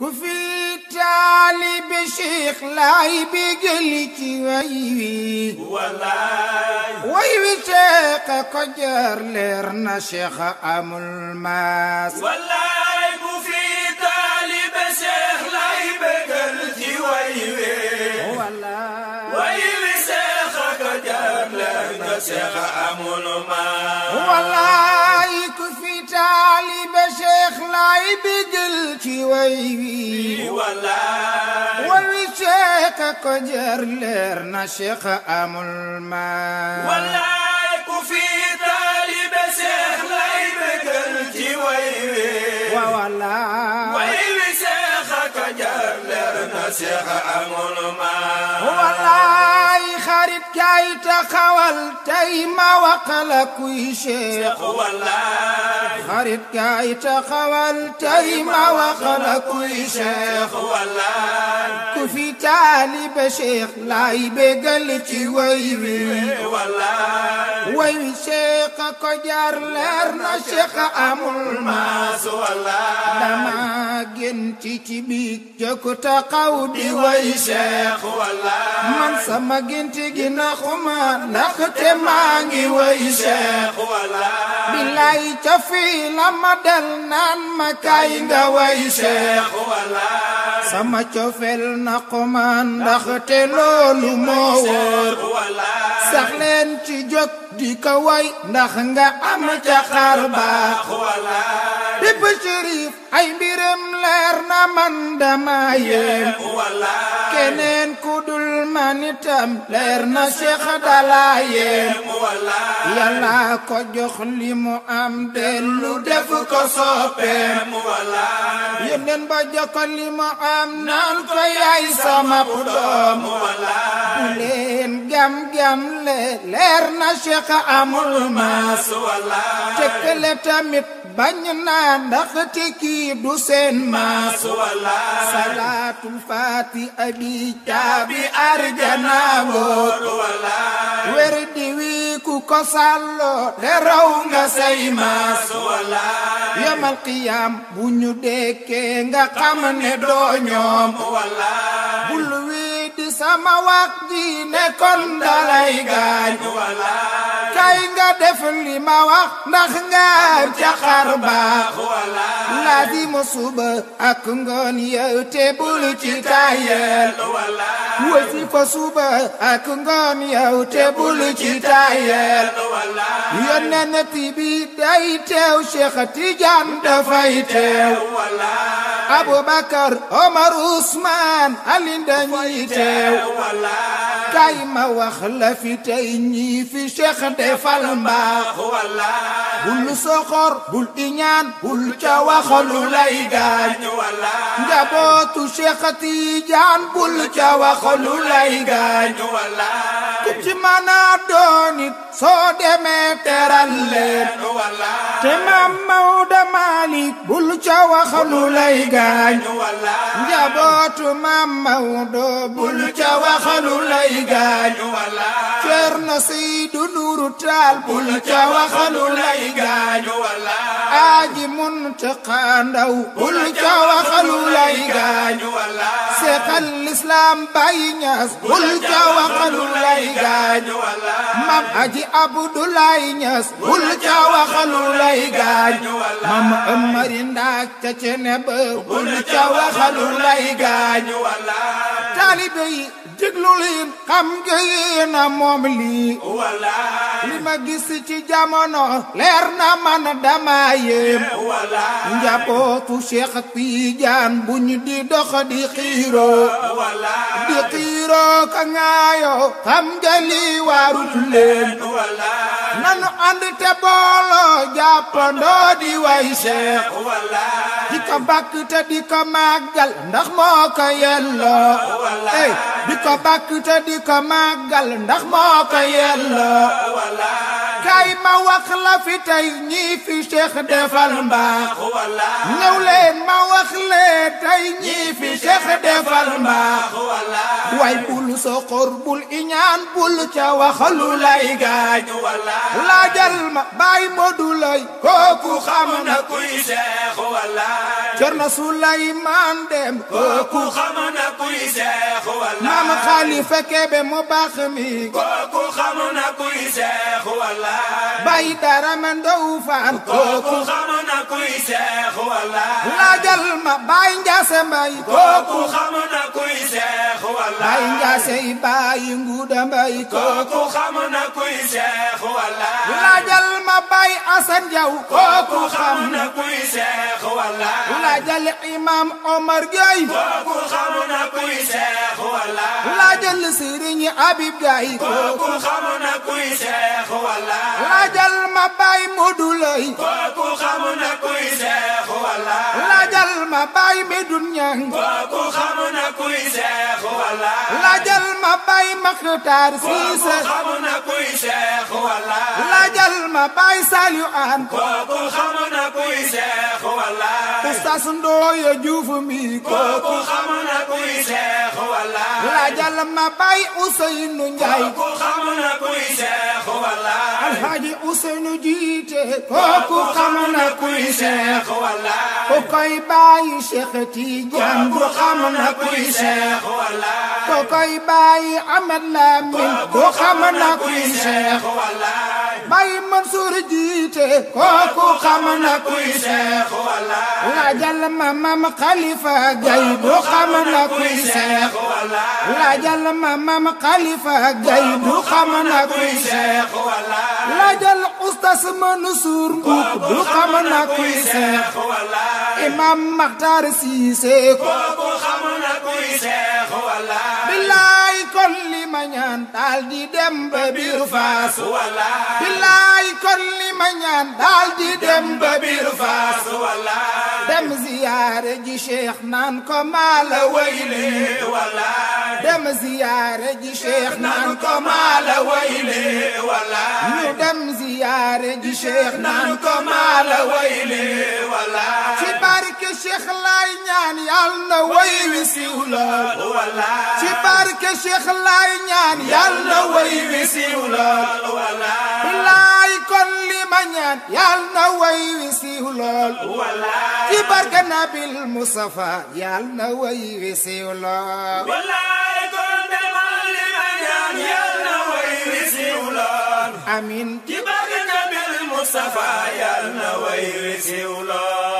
كفي التالي بشيخ لا يبقلك وي والله وي شيخ كجر ليرنا شيخ أم الماس والله كفي التالي بشيخ لا يبقلك وي والله ويوي شيخ كجر ليرنا شيخ أم الماس والله كفي تالي بشيخ لاي يبقلك ويوي وويشيك كجر لير نشيخ أم الماء والله كفي طالب شيخ لاي بكر ويوي ووالله Seex amul ma wallaay xarit kay taxawal tey ma wax la kuy Seex wallaay xarit kay taxawal tey ma wax la kuy Seex wallaay ku fi taalibe Seex laay bégal ci way wi wallaay way wi Seex ko jaar leer na Seex amul ma wallaay yéen ci sama génti gi naxuma ndax te maa ngi way Seex walla billaay ca la ma del naan ma kaay nga way Seex walla sama cofel naxuma ndax te loolu moo wóor sax ci jog di ko way ndax nga am ca xar baax lépp Chérif ay mbiram leer na man dama yéem keneen ku dul leer na Cheikh dala yéem mu wallaahi yàlla ko jox li am dellu def ko soppeem mu wallaahi yeneen ba jox ko am naan yaay sama doom mu wallaahi bu leen gam gam le leer na Cheikh amul maas wallaahi tekkale tamit bañ naa ndax te kii du seen maas wallaahi salaatul faatiha bi caabi arjana wóor wallaahi wér di wi kii ku nga say maas wallaay yomal qiyaam bu ñu dekkee nga xam ne doo ñoom wallaay di sama wax ji ne kon dalay gaañ wallaay tey nga def li ma wax ndax nga ca xar baax laazima suba ak ngoon yow te ci tayel wasi fa suba ak ngoon yow te bul ci tayel yonent bi day teew Cheikh Tidiane dafay teew Aboubacar Omar Ousmane Ali dañuy teew kay ma wax la fi tey ñii fi Cheikh defal mbaax walla bul soxor bul iñaan bul ca waxalu lay gaañ njabootu Cheikh Tidiane bul ca waxalu lay gaañ ku ci mën a doon it leen te maam Maodo Malick bul ca waxalu lay gaañ njabootu maam Maodo bul ca waxalu lay gaañ Cerno Seydu lu taal bul ca waxalu lay gaañu walla aaji muntaqa ndaw bul ca waxalu lay gaañu walla seexal lislaam bay ñas bul ca waxalu lay gaañu mam aji abdulaay ñas bul ca waxalu lay gaañu mam amari ndaak ca cene ba bul ca waxalu lay gaañu walla taalibe yi déglu xam nga yéena moom lii li ma gis ci jamono leer na man dama yéem eh, njabootu Cheikh Tidiane bu ñu di di xiiroo eh, di xiiroo ka ngaayo xam nga li waarut wallaay nanu ànd te booloo jàppandoo di way Seex di ko bàkk te di ko màggal ndax moo ko yelloo wallaay di ko bàkk te di ko màggal ndax moo ko yelloo kay ma wax fi tey ñii fi Cheikh defal mbaax wallaahi ñëw leen ma wax leen tey ñii fi Cheikh defal mbaax wallaahi way bul soxor bul iñaan bul ca waxalu lay gaañ wallaahi laajal ma bàyyi modu lay kooku xam na kuy Cheikh wallaahi Cerno na kuy Cheikh kooku xam na kuy Cheikh wallaahi bàyyi dara ma ndow faan kooku xam na kuy seex walla laajal ma bàyyi njaase mbay kooku xam na kuy seex walla bàyyi njaase yi bàyyi nguuda mbay kooku xam na kuy seex walla ma bay Assane Diaw kooku xam kooku xam na kuy seex walla laajal Serigne ma bay Modou Leye kooku xam na kuy seex walla laajal ma bay Medoune Niang kooku xam na kuy seex walla Maxtaar Siise xamu na kuy Cheikh wallaay laajal ma Baay Saliou Hann kooku xamu na kuy Cheikh wallaay Oustaz Ndoye Diouf mi kooku xamu na kuy Cheikh wallaay laajal ma Baay Ousseynou Ndiaye kooku xamu na kuy Cheikh wallaay alxaaji Useynu jiite kooku xam na kuy seex wallaay ku koy bàyyi Seex Tijaan ku xam na kuy seex wallaay ku koy bàyyi Amad Lamin ku xam na kuy seex wallaay bàyyi Mansour jiite kooku xam na kuy seex walla laajal ma mam Khalifa Gaye du xam na kuy seex walla laajal ma mam Khalifa Gaye du xam na kuy seex walla laajal ustas Mansour Mboup du seex walla imam xam na kuy seex walla ma ñaan daal di dem ba biir faas wallaay billaay kon li ma ñaan daal di dem ba biir faas wallaay dem ziyaare ji cheikh naan ko maa la wayle wallaay dem ziyaare ji cheikh naan ko maa la wayle wallaay ñu dem ziyaare ji cheikh naan ko maa la wayle wallaay ci barke cheikh laay ñaan yàlla na way wi siw la wallaay barke Cheikh laay ñaan yàlla na way wi siiw lool walaay laay kon li ma ñaan yàlla na way wi siiw lool walaay ci barke nabil Mustafa yàlla na way wi siiw lool walaay kon demal li ma ñaan yàlla na way wi siiw lool amin ci barke nabil Mustafa yàlla na way wi siiw lool